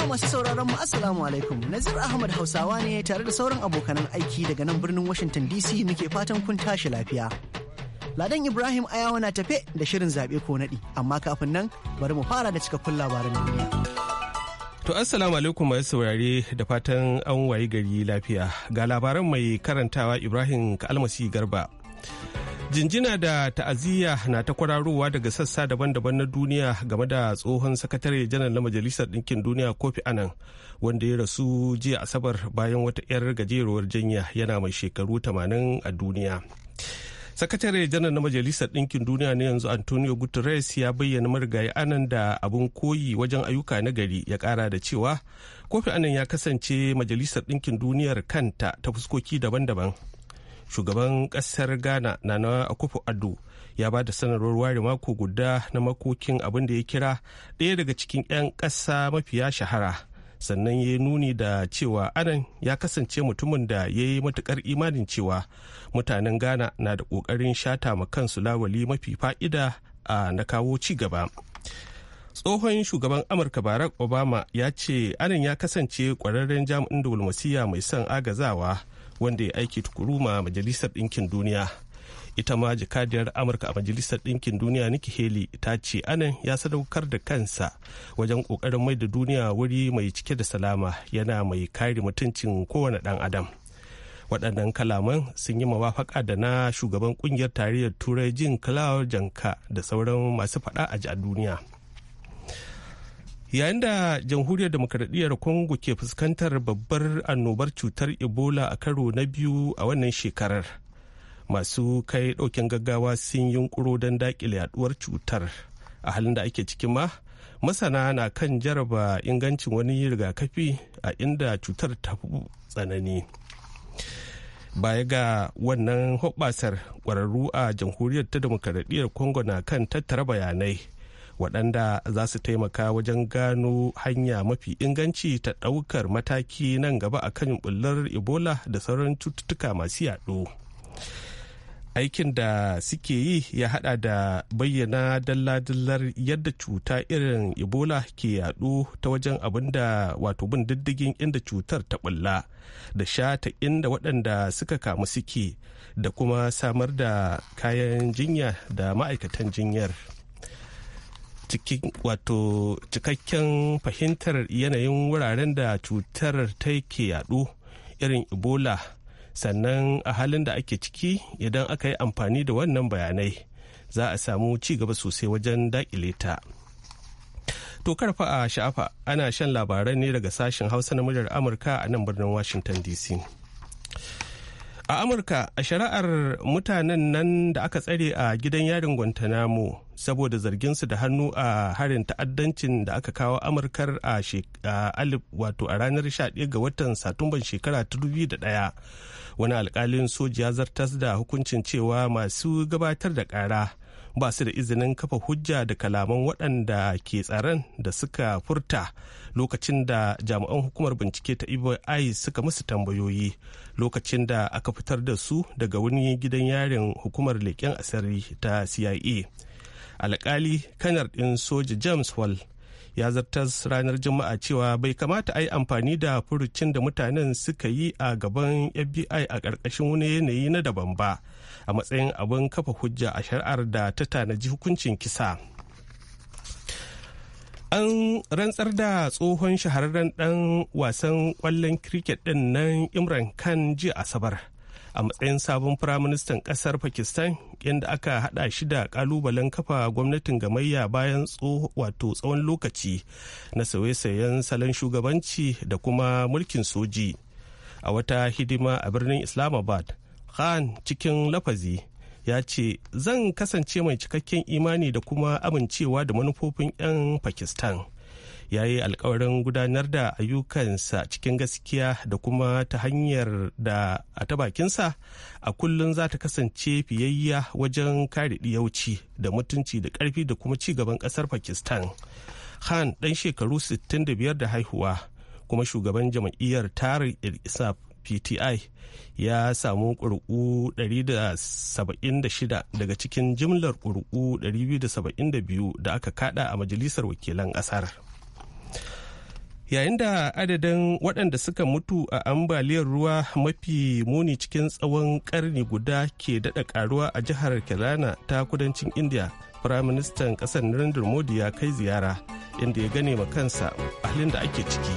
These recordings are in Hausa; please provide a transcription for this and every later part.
a masu sauraron mu assalamu alaikum nazir ahmad hausawa ne tare da sauran abokanan aiki daga nan birnin washington dc muke fatan kun tashi lafiya ladan ibrahim ayawa na tafe da shirin zaɓe ko naɗi amma kafin nan bari mu fara da cikakkun labaran duniya to assalamu alaikum mai saurare da fatan an wayi gari lafiya ga labaran mai karantawa ibrahim kalmasi garba Jinjina da ta'aziyya na ta kwararowa daga sassa daban-daban na duniya game da tsohon sakatare janar na Majalisar Ɗinkin Duniya Kofi anan wanda ya rasu jiya Asabar bayan wata 'yar gajeruwar janya yana mai shekaru 80 a duniya. Sakatare janar na Majalisar Ɗinkin Duniya na yanzu Antonio Guterres ya bayyana marigayi anan da abin koyi wajen ayyuka na gari ya kara da cewa Kofi anan ya kasance Majalisar Ɗinkin Duniyar kanta ta fuskoki daban-daban. shugaban kasar ghana na akufo ado ya ba da sanarwar ware mako guda na makokin abin da ya kira ɗaya daga cikin 'yan ƙasa mafiya shahara sannan ya yi nuni da cewa anan ya kasance mutumin da ya yi matukar imanin cewa mutanen ghana na da ƙoƙarin shata ma kansu lawali mafi fa'ida a na kawo ci gaba tsohon shugaban amurka barack obama ya ce anan ya kasance kwararren jami'in diflomasiyya mai son agazawa wanda ya aiki tukuru ma majalisar ɗinkin duniya ita ma jakadiyar amurka a majalisar ɗinkin duniya nikki haley ta ce anan ya sadaukar da kansa wajen ƙoƙarin mai da duniya wuri mai cike da salama yana mai kare mutuncin kowane ɗan adam waɗannan kalaman sun yi mawafaka da na shugaban ƙungiyar tarayyar turai jin claude janka da sauran masu faɗa a duniya. yayin da jamhuriyar demokradiyyar congo ke fuskantar babbar annobar cutar ebola a karo na biyu a wannan shekarar masu kai ɗaukin gaggawa sun yunkuro don dakile yaduwar cutar a halin da ake cikin ma masana na kan jaraba ingancin wani rigakafi a inda cutar ta tsanani baya ga wannan hoɓasar ƙwararru a jamhuriyar ta demokradiyyar congo na kan tattara bayanai waɗanda za su taimaka wajen gano hanya mafi inganci ta ɗaukar mataki nan gaba a kan bullar ebola da sauran cututtuka masu yaɗo aikin da suke yi ya hada da bayyana dalla-dallar yadda cuta irin ebola ke yadu ta wajen abin da wato bin diddigin inda cutar ta bulla da shata inda waɗanda suka kamu suke da kuma samar da kayan jinya da ma'aikatan jinyar. cikin wato cikakken fahimtar yanayin wuraren da cutar ta ke yadu irin ebola sannan a halin da ake ciki idan aka yi amfani da wannan bayanai za a samu ci gaba sosai wajen daƙile ta to karfa a sha'afa ana shan labarai ne daga sashen hausa na muryar amurka a nan birnin washington dc A Amurka a shari'ar mutanen nan da aka tsare a gidan yarin Guantanamo saboda zarginsu da hannu a harin ta'addancin da aka kawo Amurkar a alif wato a ranar 11 ga watan Satumban shekara 2001 wani alkalin soji ya zartas da hukuncin cewa masu gabatar da ƙara ba su da izinin kafa hujja da kalaman waɗanda ke tsaron da suka furta lokacin da jami'an hukumar bincike ta i suka musu tambayoyi lokacin da aka fitar da su daga wani gidan yarin hukumar leƙen asiri ta cia alƙali kanar ɗin soja james wall ya zartas ranar juma'a cewa bai kamata a yi amfani da furucin da mutanen suka yi a gaban fbi a ƙarƙashin wani yanayi na daban ba a matsayin abin kafa hujja a shari'ar da ta tanaji hukuncin kisa an rantsar da tsohon shahararren dan wasan kwallon cricket din nan imran khan jiya asabar a matsayin sabon firaministan kasar pakistan inda aka hada shi da ƙalubalen kafa gwamnatin gamayya bayan wato tsawon lokaci na sauye-sayen salon shugabanci da kuma mulkin soji a wata hidima a birnin islamabad Khan cikin lafazi ya ce zan kasance mai cikakken imani da kuma amincewa da manufofin 'yan Pakistan. Ya yi alkawarin gudanar da ayyukansa cikin gaskiya da kuma ta hanyar da a ta bakinsa a kullum za ta kasance fiyayya wajen kare ɗiyauci da mutunci da ƙarfi da kuma ci gaban ƙasar Pakistan. Khan ɗan shekaru 65 da haihuwa kuma shugaban jam'iyyar tarin Isaf pti ya samu ƙuri'u 176 daga cikin jimlar ƙuri'u 272 da aka kada a majalisar wakilan ƙasar yayin da adadin waɗanda suka mutu a ambaliyar ruwa mafi muni cikin tsawon ƙarni guda ke daɗa ƙaruwa a jihar kelana ta kudancin india firaministan ƙasar narendra modi ya kai ziyara inda ya gane ma kansa halin da ake ciki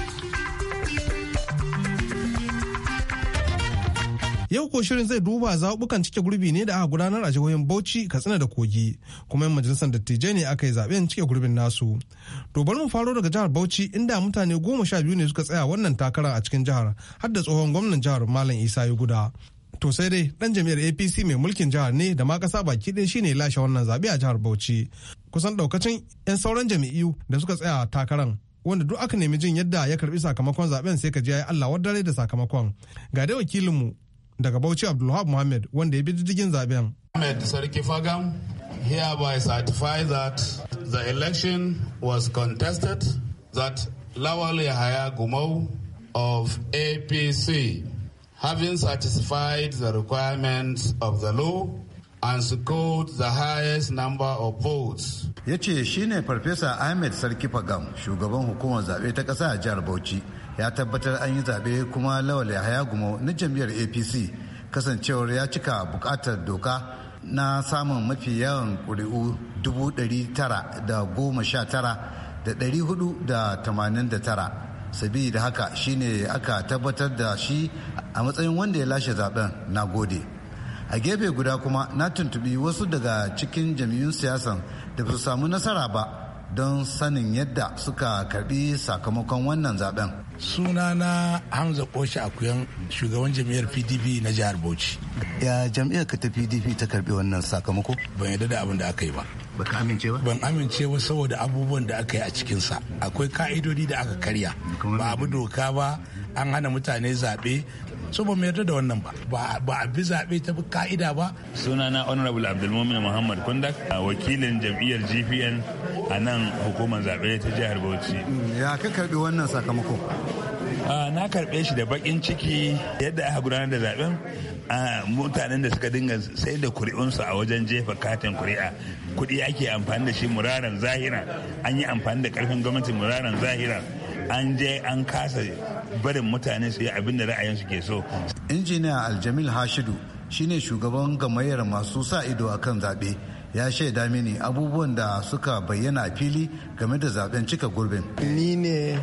Yau ko shirin zai duba zaɓukan cike gurbi ne da aka gudanar a jihohin Bauchi, Katsina da Kogi, kuma yan majalisar dattijai ne aka yi zaɓen cike gurbin nasu. To bari mu faro daga jihar Bauchi inda mutane goma sha biyu ne suka tsaya wannan takara a cikin jihar har da tsohon gwamnan jihar Malam Isa ya guda To sai dai ɗan jami'ar APC mai mulkin jihar ne da ma ƙasa baki ɗaya shine lashe wannan zaɓe a jihar Bauchi. Kusan ɗaukacin 'yan sauran jami'u da suka tsaya takaran wanda duk aka nemi jin yadda ya karbi sakamakon zaben sai ka ji yayi Allah wadare da sakamakon ga dai wakilinmu daga Bauchi Abdulhab Muhammad wanda ya bi diddigin zaben. Ahmed Sarki Fagam hereby certify that the election was contested that Lawal Yahaya Gumau of APC having satisfied the requirements of the law and scored the highest number of votes. Ya ce shi Farfesa Ahmed Sarki Fagam, shugaban hukumar zaɓe ta ƙasa a jihar Bauchi. ya tabbatar an yi zaɓe kuma lawal yahaya gumo na jam'iyyar apc kasancewar ya cika buƙatar doka na samun mafi yawan ƙuri'u dubu ɗari tara da goma sha tara da ɗari hudu da tamanin da tara sabi da haka shine aka tabbatar da shi a matsayin wanda ya lashe zaben na gode a gefe guda kuma na tuntubi wasu daga cikin jam'iyyun siyasan da ba su samu nasara ba don sanin yadda suka karbi sakamakon wannan zaben sunana hamza koshi akuyan shugaban jam'iyyar pdp na jihar bauchi ya jam'iyyar ka ta pdp ta karbi wannan sakamako ban yadda da abin da aka yi ba baka amince ban amince ba saboda abubuwan da aka yi a cikinsa akwai ka'idodi da aka karya ba abu doka ba an hana mutane zaɓe so ba mayar da wannan ba ba a bi zaɓe ta bi ka'ida ba sunana honorable abdulmumin muhammad kundak wakilin jam'iyyar gpn a nan hukumar zaɓe ta jihar Bauchi. Ya ka karɓi wannan sakamako? Na karɓe shi da bakin ciki yadda aka gudanar da zaɓen mutanen da suka dinga sai da kuri'unsu a wajen jefa katin kuri'a kuɗi ake amfani da shi muraran zahira an yi amfani da karfin gwamnati muraran zahira an je an kasa barin mutane su yi abin da ra'ayinsu ke so. injiniya aljamil hashidu shine shugaban gamayyar masu sa ido akan zaɓe ya shaida mini abubuwan da suka bayyana fili game da zaben cika gurbin. Ni ne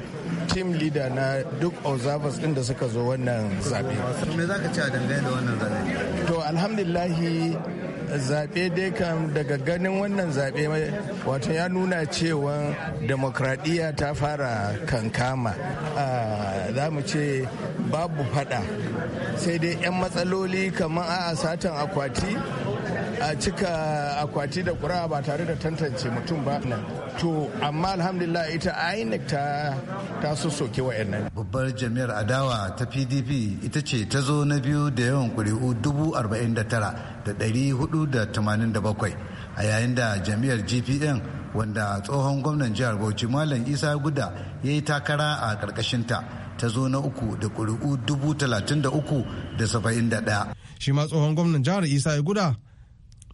team leader na duk observers din da suka zo wannan zabe. Me za ka ci a dangane da wannan zabe? To alhamdulillahi zaɓe dai kam daga ganin wannan zaɓe wato ya nuna cewa demokradiyya ta fara kankama za mu ce babu faɗa. sai dai 'yan matsaloli kamar a satan akwati a cika akwati da ƙura ba tare da tantance mutum ba to amma alhamdulillah ita inec ta ta soke wayannan babbar jami'ar adawa ta pdp ita ce ta zo na biyu da yawan kuri'u dubu arba'in da tara da ɗari hudu da tamanin da bakwai a yayin da jami'ar gpn wanda tsohon gwamnan jihar bauchi malam isa guda ya yi takara a karkashinta ta zo na uku da kuri'u dubu talatin da uku da saba'in da ɗaya. shi ma tsohon gwamnan jihar isa guda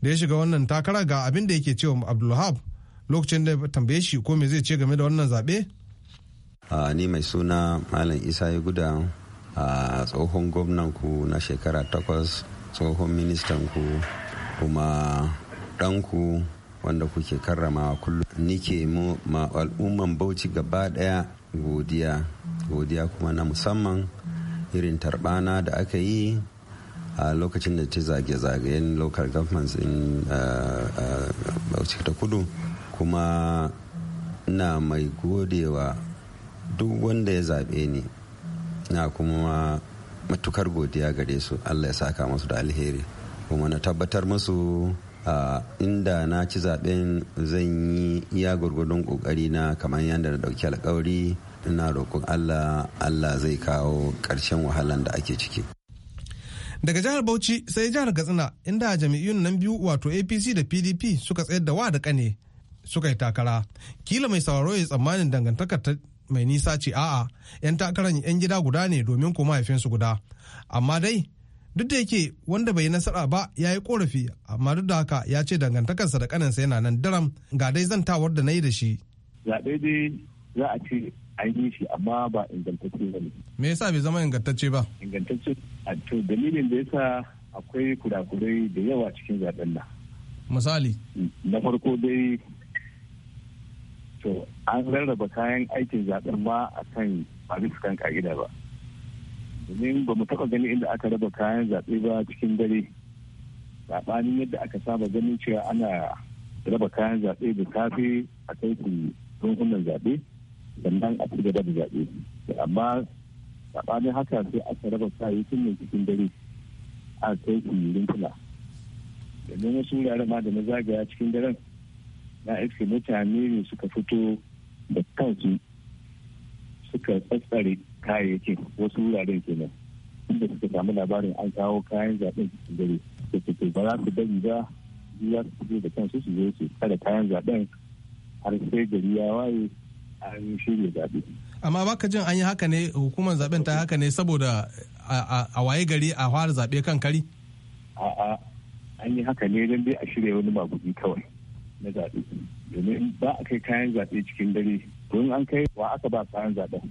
da ya shiga wannan takara ga abin da yake cewa abdulhab lokacin da ya tambaye shi ko me zai ce game da wannan zaɓe. ni mai suna malam isa ya guda a tsohon gwamnan ku na shekara takwas tsohon ministan ku kuma ɗanku wanda kuke karramawa kullum nike mu ma al'umman bauchi gaba daya godiya godiya kuma na musamman irin tarbana da aka yi a lokacin da ta zage-zagayen local governments in bauchi ta kudu kuma na mai godewa duk wanda ya zaɓe ni na kuma matukar godiya gare su allah ya saka masu da alheri kuma na tabbatar masu inda na ci zaben zan yi iya gwargwadon ƙoƙari na kamar yadda na dauki alkawari ina roƙon allah allah zai kawo ƙarshen wahalan da ake ciki Daga jihar Bauchi sai jihar Katsina inda jami'un nan biyu wato APC da PDP suka tsayar da wa da kane suka yi takara. Kila mai sauraro ya tsammanin dangantakar ta mai nisa ce a'a 'yan takarar 'yan gida guda ne domin ko mahaifinsu guda. Amma dai duk da yake wanda bai yi nasara ba ya yi korafi amma duk da haka ya ce dangantakarsa da kaninsa yana nan daram ga dai zantawar da na yi da shi. za a ce an yi shi amma ba ingantacce ba ne. Me yasa bai zama ingantacce ba? Ingantacce a to dalilin da yasa akwai kurakurai da yawa cikin zaben nan. Misali? Na farko dai to an rarraba kayan aikin zaben ma a kan ba bisa kan ka'ida ba. Domin ba mu taɓa gani inda aka raba kayan zaɓe ba cikin dare. Saɓanin yadda aka saba ganin cewa ana raba kayan zaɓe da safe a kai su runhunan zaɓe. sannan a ci gaba da zaɓe amma saɓanin haka sai aka raba kayayyakin ne cikin dare a kai su rumfuna domin wasu wuraren ma da na zagaya cikin daren na iske mutane ne suka fito da kansu suka tsatsare kayayyakin wasu wuraren kenan inda suka samu labarin an kawo kayan zaɓen cikin dare da suke ba za su bari ba za su fito da kansu su zo su kada kayan zaɓen har sai gari ya waye an shirya zaɓe. amma baka jin an yi haka ne hukumar zaben ta haka ne saboda a waye gari a fara zaɓe kan kari? a'a an yi haka ne don dai a shirya wani maguɗi kawai na zaɓe domin ba a kai kayan zaɓe cikin dare don an kai wa aka ba kayan zaɓen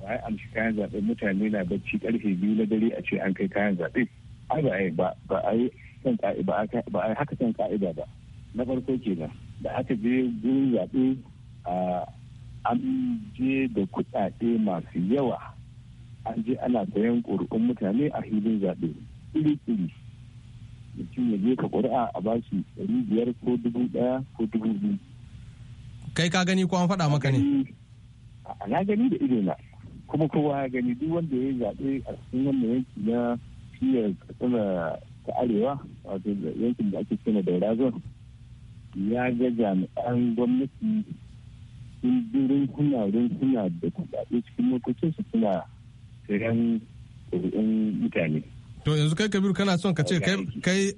wa ya amshi kayan zaɓe mutane na bacci karfe biyu na dare a ce an kai kayan zaɓe ai ba ba ai san ka'ida ba ai haka san ka'ida ba na farko kenan da aka je gurin zaɓe a an je da kuɗaɗe masu yawa an je ana sayan ƙuri'un mutane a filin zaɓe iri-iri mutum ya je ka ƙuri'a a bashi ɗari biyar ko dubu ɗaya ko dubu biyu. kai ka gani ko an faɗa maka ne na gani da ido na kuma kowa ya gani duk wanda ya yi zaɓe a cikin wannan yanki na siyar katsina ta arewa wato yankin da ake cina da razon ya ga jami'an gwamnati sun kuna rinkuna da kudade cikin lokacin su suna tsirran kuri'un mutane. To yanzu kai Kabiru kana son ka ce kai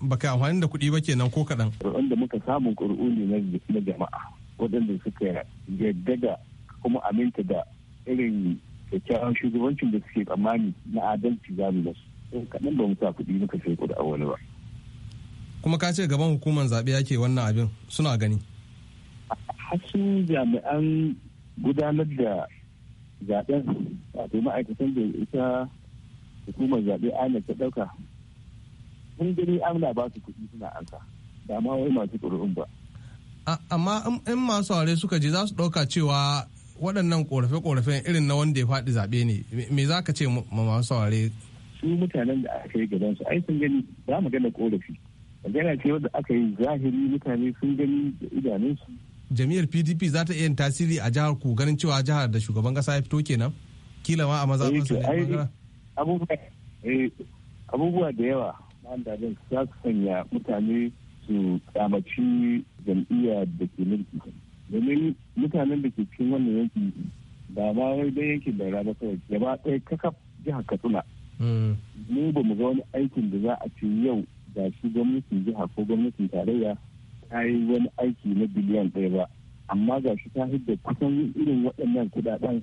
baka amfani da kuɗi ba kenan ko kaɗan. Kuri'un da muka samu kuri'u ne na jama'a waɗanda suka yadda da kuma aminta da irin kyakkyawan shugabancin da suke tsammani na adalci za mu nasu. Eh, kaɗan ba mu sa kuɗi muka sai kuɗi a wani ba. Kuma ka ce gaban hukumar zaɓe yake wannan abin suna gani. hasu jami'an gudanar da zaben wato ma'aikatan da ita hukumar zaɓe ana ta ɗauka sun gani amna ba su kuɗi suna ansa da ma wai masu ƙuri'un ba. amma in masu ware suka je za su ɗauka cewa waɗannan ƙorafe-ƙorafen irin na wanda ya faɗi zaɓe ne me za ka ce ma masu ware? su mutanen da aka yi gaban su ai sun gani ba magana ƙorafi magana ce wadda aka yi zahiri mutane sun gani da idanunsu jam'iyyar pdp za ta iya tasiri a jihar ku ganin cewa jihar da shugaban kasa ya fito kenan kila ma a maza eh, eh, abubuwa da yawa wanda zan za su sanya mutane su kyamaci jam'iyya da ke mulki domin mutanen da ke cikin wannan yanki ba ma wai dai yankin da rana kawai gaba ɗaya kakaf jihar katsina hmm. mu ba mu ga wani aikin da za a ce yau da shi gwamnatin jiha ko gwamnatin tarayya ta yi wani aiki na biliyan ɗaya ba amma ga shi ta hidda kusan irin waɗannan kuɗaɗen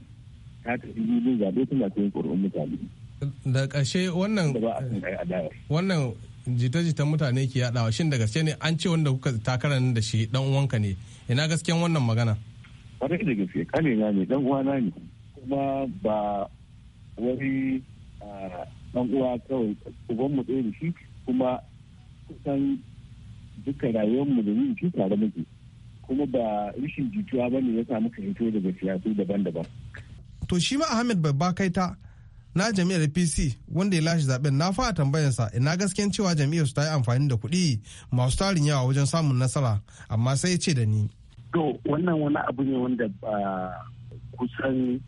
ta tafi filin zaɓe tana ta yin ƙuri'un mutane. da ƙarshe wannan wannan jita-jitan mutane ke yaɗawa shin da gaske ne an ce wanda kuka takarar da shi dan uwanka ne ina gasken wannan magana. kwarai da gaske na ne dan na ne kuma ba wani dan ah, uwa kawai uban mu ɗaya da shi kuma kusan dukkan rayuwarmu da yin ci tare muke kuma ba rashin jituwa ba ne ya samu ka hito daga siyasu daban-daban. To shi ma Ahmed Babba Kaita na jami'ar PC wanda ya lashe zaben na fara tambayarsa ina gaskiyan cewa jami'ar su ta yi amfani da kuɗi masu tarin yawa wajen samun nasara amma sai ya ce da ni. To wannan wani abu ne wanda ba ah, kusan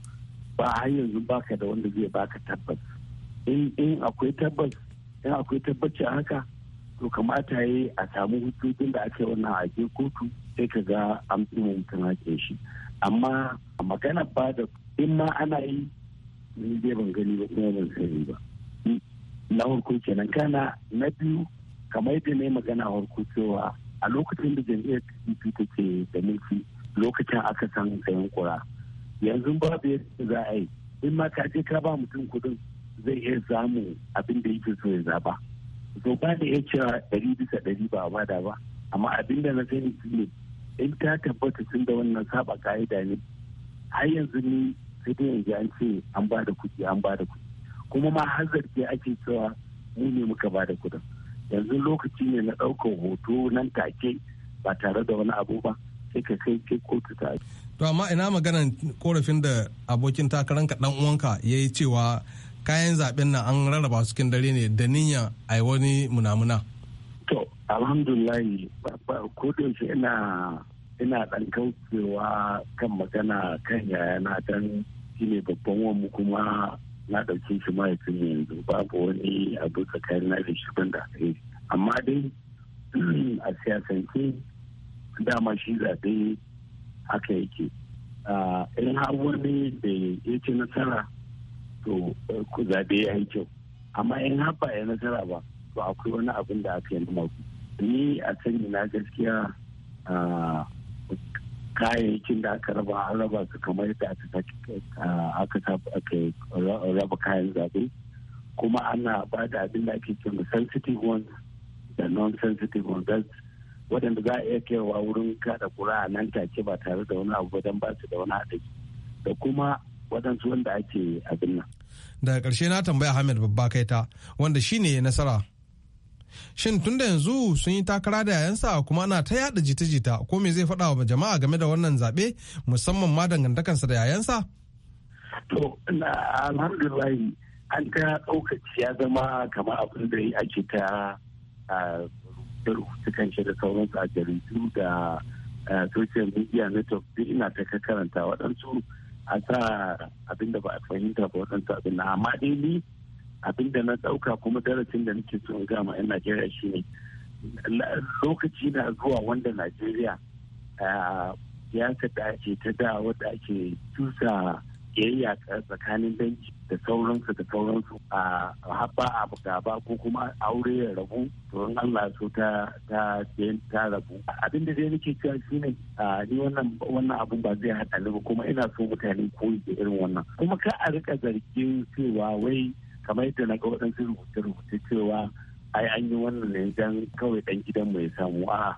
ba har yanzu baka da wanda zai baka tabbas. In akwai tabbas in akwai tabbaci haka to kamata ya yi a samu hukuncin da ake wannan a je kotu sai ka ga an fi mutum ke shi amma magana ba da in ma ana yi ni zai ban gani ba kuma ban sani ba na harko kenan kana na biyu kamar yadda na yi magana harko cewa a lokacin da jami'ar pdp take da mulki lokacin aka san sayan kura yanzu babu yadda za a yi in ma ka je ka ba mutum kudin zai iya samu abin da yake so ya zaba to ba da ya cewa ɗari bisa ɗari ba a bada ba amma abin da na sani shi ne in ta tabbata tun da wannan saba ka'ida ne har yanzu ni sai dai yanzu an ce an ba da kuɗi an ba da kuɗi kuma ma har ake cewa mu ne muka ba da kuɗin yanzu lokaci ne na ɗaukar hoto nan take ba tare da wani abu ba sai ka kai kai kotu ta to amma ina maganan korafin da abokin takaranka ɗan uwanka ya yi cewa kayan zaben nan an rarraba su cikin dare ne da niyyar a wani munamuna. To, alhamdulahi ko yaushe ina ina ɗan kaucewa kan magana kan yaya na dan shi babban wani kuma na ɗauke shi mahaifin yanzu babu wani abu tsakanin na da shi ban da amma dai a siyasance dama shi zaɓe haka yake ah, in har wani da ya nasara to zaɓe ya yi kyau amma in haɓa ya nasara ba to akwai wani abin da aka yi na mako ni a sani na gaskiya kayayyakin da aka raba an raba su kamar yadda aka raba kayan zaɓe kuma ana ba da abin da ake cewa sensitive ones da non-sensitive ones waɗanda za a iya kaiwa wurin kada kura a nan take ba tare da wani abu don ba su da wani haɗari da kuma waɗansu wanda ake abin nan daga ƙarshe na tambaya ahmed babba kaita wanda shine ya nasara shin tun da yanzu sun yi takara da yayansa kuma ana ta yada jita-jita ko me zai faɗa wa jama'a game da wannan zaɓe musamman ma dangantakansa da yayansa to alhamdulillah an ta ɗaukaci ya zama kamar abin da ake ta rubuta kan shi da sauransu a jaridu da social media network duk ina ta karanta waɗansu a sa abin da ba a fahimta ba waɗansu abin na amma daidai abin da na ɗauka kuma darasin da nake so ga gama 'yan najeriya ne. lokaci na zuwa wanda najeriya ah, siyasa da ake ta da wadda ake tusa kiyayya tsakanin dangi da sauransu da sauransu a haɓa a gaba ko kuma aure ya rabu to in Allah so ta ta ta rabu abin da zai nake cewa shine ni wannan wannan abun ba zai haɗa ba kuma ina so mutane koyi da irin wannan kuma ka a rika zargin cewa wai kamar yadda na ga waɗansu rubuce-rubuce cewa ai an yi wannan ne dan kawai dan gidan mai samu a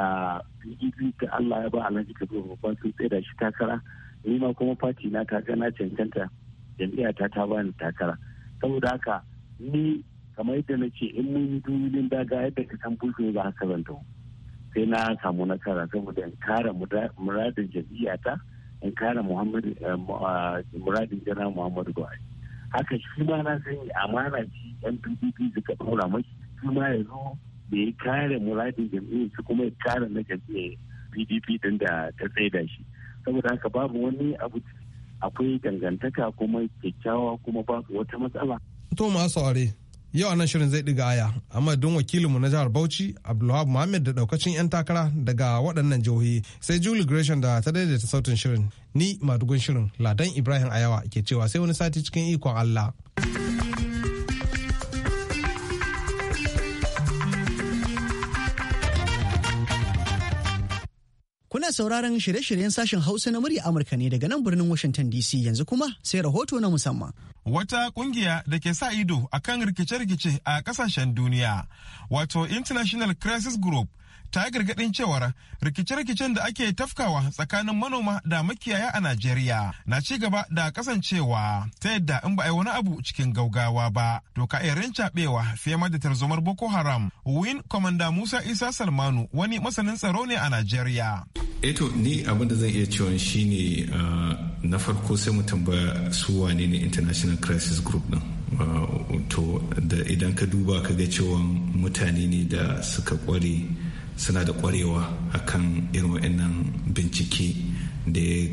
a PDP ta Allah ya ba Alhaji Kabiru ba sun tsaye da shi takara ni ma kuma fati na ta na cancanta jam'iyya ta ta bani takara saboda haka ni kamar yadda na ce in mun dubin daga yadda ka san bulto ba haka zan sai na samu nasara saboda in kare muradin jam'iyya ta in kare eh, ah, muradin jana muhammadu buhari haka shi ma na sani amana ci yan pdp suka ɗora mashi shi ma ya zo da ya kare muradin jamia su kuma ya kare na jam'iyyar pdp din da ta da shi saboda haka babu wani abu akwai dangantaka kuma kyakkyawa kuma babu wata matsala. To masu aure yau nan shirin zai ɗiga aya amma don wakilinmu na jihar Bauchi Abdullahi Muhammad da ɗaukacin 'yan takara daga waɗannan jihohi sai Julie Gresham da ta daidaita sautin shirin ni madugun shirin Ladan Ibrahim Ayawa ke cewa sai wani sati cikin ikon Allah. sauraron shirye-shiryen sashen Hausa na murya Amurka ne daga nan birnin Washington DC yanzu kuma sai rahoto na musamman. Wata kungiya da ke sa ido akan rikice-rikice a kasashen duniya, wato International Crisis Group ta gargadin cewa rikice-rikicen da ake tafkawa tsakanin manoma da makiyaya a Najeriya na ci gaba da kasancewa ta yadda in ba a yi wani abu cikin gaugawa ba to ka irin cabewa fiye da tarzomar Boko Haram. Win Commander Musa Isa Salmanu wani masanin tsaro ne a Najeriya. Eto eh ni abin da zan iya cewa shine ah, na farko sai mu tambaya su wane ne International Crisis Group din. Ah, to da idan ka duba ka ga cewa mutane ne da suka kware suna da kwarewa akan irin wa'annan bincike eh,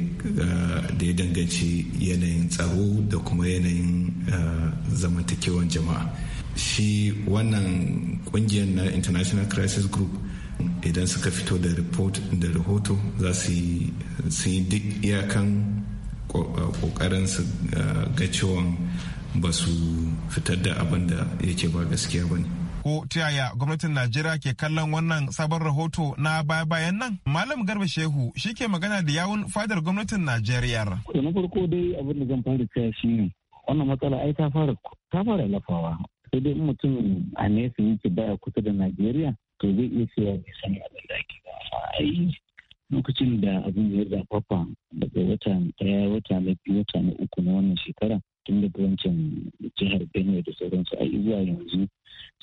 da ya danganci yanayin tsaro da kuma yanayin eh, zamantakewan jama'a shi wannan kungiyar na international crisis group idan suka fito da rahoto za su yi duk iyakan kokarin eh, su ga cewa ba su fitar da abin da yake ba gaskiya ba ne ko ta yaya gwamnatin najeriya ke kallon wannan sabon rahoto na baya bayan nan malam garba shehu shi ke magana da yawun fadar gwamnatin najeriya na farko dai abin da zan fara shi ne. wannan matsala ai ta fara ta fara lafawa sai dai mutum a nesa yake baya kusa da najeriya to zai iya cewa bai sani abin da ake ba ai lokacin da abin ya zafafa daga wata daya wata na biyu wata na uku na wannan shekara tun da wancan jihar benue da sauransu a zuwa yanzu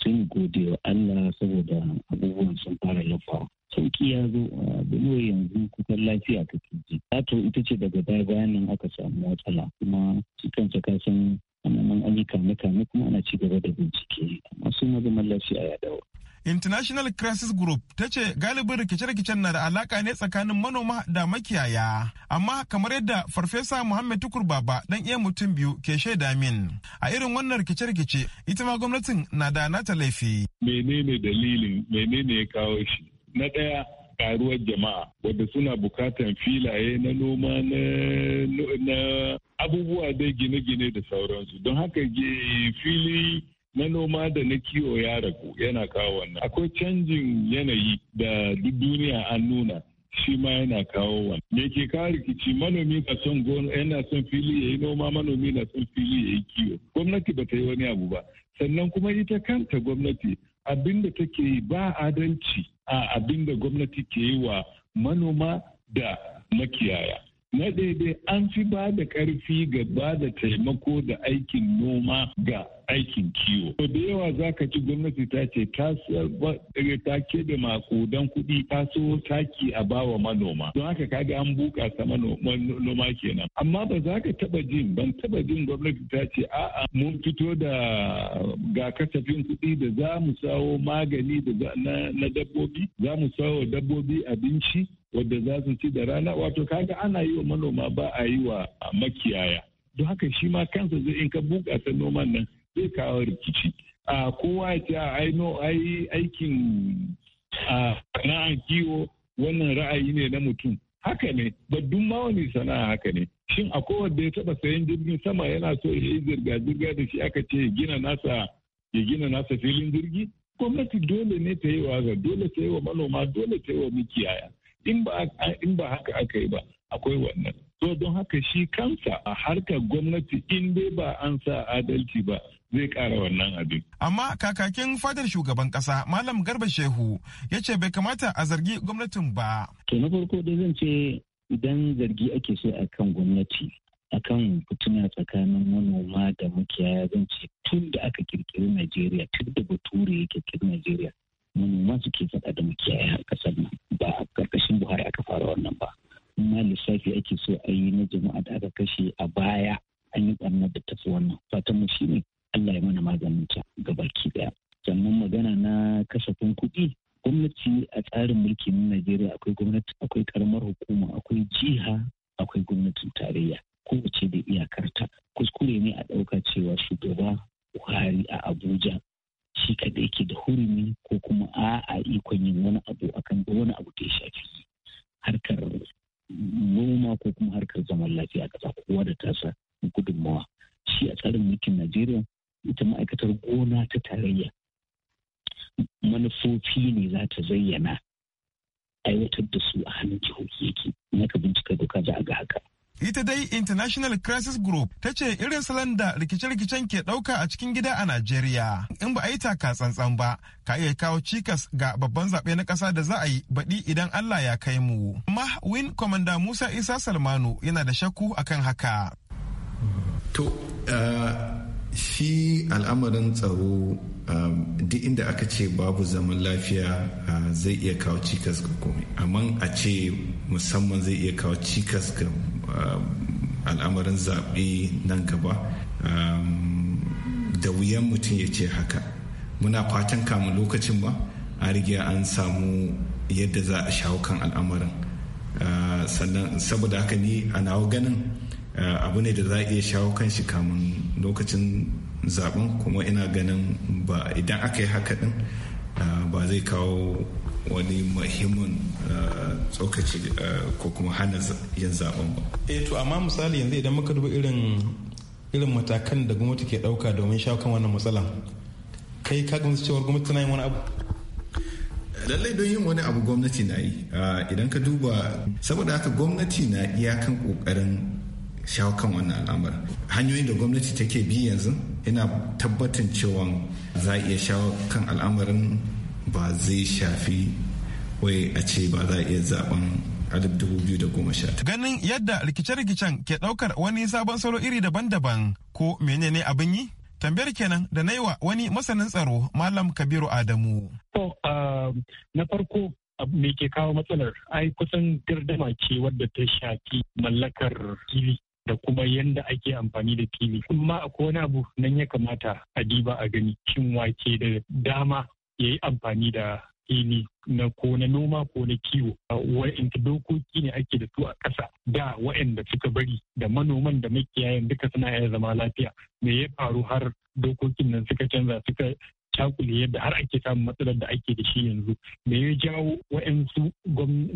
sun gode wa Allah saboda abubuwan sun fara lafawa. sauki ya zo a Benue yanzu kusan lafiya ta ji. Tato ita ce daga baya bayan nan aka samu matsala kuma su kansa ka san an yi kame kame kuma ana ci gaba da bincike amma su ma lafiya ya dawo. International Crisis Group ta ce galibin rikice-rikicen na da alaka ne tsakanin manoma da makiyaya. Amma kamar yadda Farfesa Muhammad Tukur Baba dan iya mutum biyu ke shaida min. A irin wannan rikice-rikice ita ma gwamnatin na da nata laifi. Menene dalilin menene ya kawo shi? Na ɗaya karuwar jama'a wadda suna bukatan filaye na noma na abubuwa dai gine-gine da sauransu don haka fili na noma da na kiwo ya ragu yana kawo wannan akwai canjin yanayi da duk duniya an nuna shi ma yana kawo wannan Me ke kawo rikici manomi na son gona yana son fili ya yi noma manomi na son fili ya yi kiwo. Gwamnati ba ta yi wani abu ba. Sannan kuma ita kanta gwamnati abin da take yi ba adalci a abin da gwamnati ke yi wa manoma da makiyaya. Na daidai an fi ba da karfi ga ba da taimako da aikin noma ga aikin kiwo. To da yawa za ka ci gwamnati ta ce ta eh, ta keɓe makudan kuɗi ta so taki a bawa manoma. Don haka kaga an ta manoma kenan. Amma ba za ka taɓa jin ban taɓa jin gwamnati ta ce a'a mun fito da ga kasafin kuɗi da za mu sawo magani da na dabbobi za mu sawo dabbobi abinci wadda za su ci da rana wato kaga ana yi wa manoma ba a yi wa makiyaya don haka shi ma kansa zai in ka buƙata noman nan zai kawo rikici a kowa ya ce a aino aikin sana'an kiwo wannan ra'ayi ne na mutum haka ne baddun ma wani sana'a haka ne shin a kowanne ya taba sayan jirgin sama yana so ya yi zirga-zirga da shi aka ce ya gina nasa filin jirgi gwamnati dole ne ta yi wa dole ta yi wa manoma dole ta yi wa mikiyaya in ba haka aka yi ba akwai wannan so don haka shi kansa a harkar gwamnati in dai ba an sa adalci ba zai kara wannan abin. Amma kakakin fadar shugaban kasa Malam Garba Shehu ya ce bai kamata a zargi gwamnatin ba. To na farko dai zan ce idan zargi ake so a kan gwamnati a kan fituna tsakanin manoma da makiyaya zan ce tun da aka kirkiri Najeriya tun da bature ya kirkiri Najeriya manoma suke faɗa da makiyaya a ƙasar nan ba a ƙarƙashin Buhari aka fara wannan ba. ma lissafi ake so a yi na jama'a da aka kashe a baya an yi ɓarnar da tafi wannan fatan mu shine Allah ya mana maganin ta gabaki daya sannan magana na kasafin kuɗi gwamnati a tsarin mulkin Najeriya akwai gwamnati akwai karamar hukuma akwai jiha akwai gwamnatin tarayya kowace da iyakarta kuskure ne a ɗauka cewa shugaba Buhari a Abuja shi kaɗai yake da hurumi ko kuma a'a ikon yin wani abu akan wani abu da ya shafi harkar noma ko kuma harkar zaman lafiya a ƙasa kowa da tasa gudunmawa shi a tsarin mulkin najeriya ita ma'aikatar gona ta tarayya manufofi ne za ta zayyana aiwatar da su a hannun jihohi yake in aka bincika doka za a ga haka ita dai international crisis group ta ce irin salon da rikice-rikicen ke ɗauka a cikin gida a najeriya in ba a yi taka tsantsan ba ka iya kawo cikas ga babban zaɓe na ƙasa da za a yi baɗi idan allah ya kai mu amma win komanda musa isa salmanu yana da shakku akan haka to eh, shi al'amarin tsaro eh, duk inda aka ce babu zaman lafiya eh, zai iya kawo cikas ga komai amma a ce musamman zai iya kawo cikas ga Um, al'amarin zaɓe nan gaba um, da wuyan mutum ya ce haka muna fatan kamun lokacin ba a rigya an samu yadda za a shawo kan al'amarin uh, sannan saboda haka ni a nawa ganin uh, abu ne da za a iya shawo kan shi kamun lokacin zaben kuma ina ganin ba idan aka yi haka din uh, ba zai kawo wani muhimmin eh, tsokaci eh, ko kuma hana yin zaben ba. E to amma misali yanzu idan muka duba irin irin matakan da gwamnati ke dauka domin shawo kan wannan matsalan kai ka gamsu cewar gwamnati tana yin wani abu lallai don yin wani abu gwamnati na yi ah, idan ka duba saboda haka gwamnati na iyakan kokarin shawo kan wannan al'amar hanyoyin da gwamnati take bi yanzu ina tabbatin cewa za a iya shawo kan al'amarin ba zai shafi wai a ce ba za a iya zaben 2019. Ganin yadda rikice-rikicen ke ɗaukar wani sabon salo iri daban-daban ko menene abin yi? Tambayar kenan da na yi wa wani masanin tsaro Malam Kabiru Adamu. To, um, na farko me ke kawo matsalar ai kusan gardama ce wadda ta shafi mallakar fili da kuma yadda ake amfani da fili. Kuma akwai wani abu nan ya kamata a diba a gani shin wake da dama ya yi amfani da fili na ko na noma ko na kiwo ta dokoki ne ake da su a ƙasa da wayanda suka bari da manoman da makiyayan duka suna iya zama lafiya me ya faru har dokokin nan suka canza suka cakule yadda har ake samun matsalar da ake da shi yanzu me ya jawo wa'yansu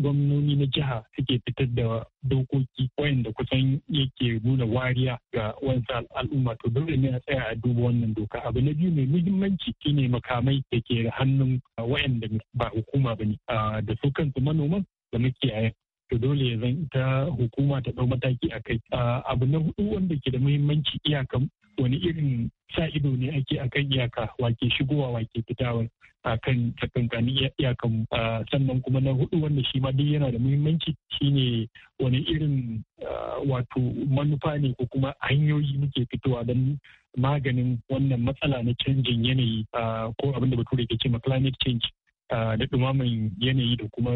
gwamnoni na jiha suke fitar da dokoki wa'yanda kusan yake nuna wariya ga wansu al'umma to dole ne a tsaya a duba wannan doka abu na biyu mai muhimmanci shine makamai da ke hannun wa'yanda ba hukuma ba ne da su kansu manoman da muke to dole ya zan ita hukuma ta ɗau mataki a kai abu na hudu wanda ke da muhimmanci iyakan wani irin sa ido ne ake akan iyaka wake shigowa wake fitawa a kan tsakankanin iyakan ah, sannan kuma na hudu wanda shi ma duk yana da muhimmanci shine wani irin ah, wato manufa ne ko kuma hanyoyi muke fitowa don maganin wannan matsala na canjin yanayi ah, ko abin da bature ke ce ma climate change da dumaman yanayi da kuma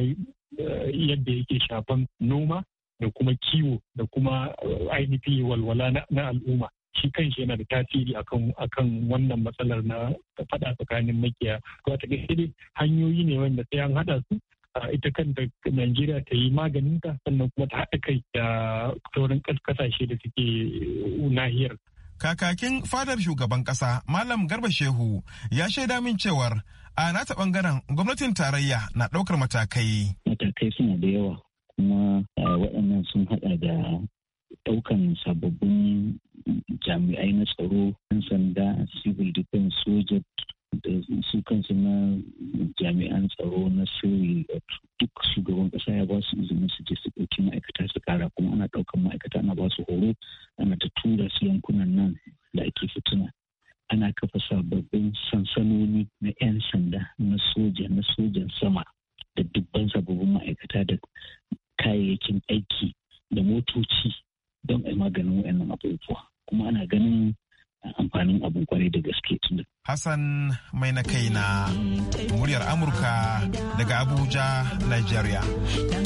eh, yadda yake shafan noma da kuma kiwo da kuma ainihi walwala na al'umma shi shi yana da tasiri akan wannan matsalar na faɗa tsakanin makiya wata gaske hanyoyi ne wanda sai an hada su ita kanta Najeriya ta yi maganin ta sannan kuma ta haɗa kai da sauran kasashe da suke nahiyar. Kakakin fadar shugaban ƙasa Malam Garba Shehu ya shaida min cewar a nata bangaren gwamnatin tarayya na ɗaukar matakai. Matakai suna da yawa kuma eh, waɗannan sun haɗa da ɗaukan sababbin jami'ai na tsaro yan sanda civil defense soja da su kansu na jami'an tsaro na sirri duk shugaban kasa ya ba su izinin su je su ɗauki ma'aikata su kara kuma ana ɗaukan ma'aikata ana ba su horo ana ta tura su yankunan nan da ake fituna ana kafa sababbin sansanoni na 'yan sanda na soja na sojan sama da dubban sababbin ma'aikata da kayayyakin aiki da motoci don a maganin wayannan abubuwa kuma ana ganin amfanin abin kwarai da gaske tun Hassan mai na kai na muryar Amurka daga Abuja, Nigeria. Dan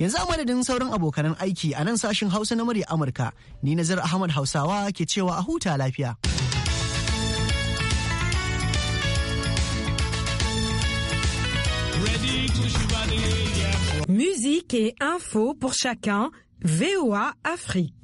Yanzu a madadin sauran abokanan aiki a nan sashin Hausa na murya Amurka, ni Nazar Ahmad Hausawa ke cewa a huta lafiya. Musique et info pour chacun, VOA Afrique.